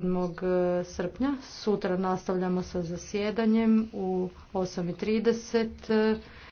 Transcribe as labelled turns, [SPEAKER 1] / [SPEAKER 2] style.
[SPEAKER 1] 7. E, srpnja. Sutra nastavljamo sa zasjedanjem u 8.30.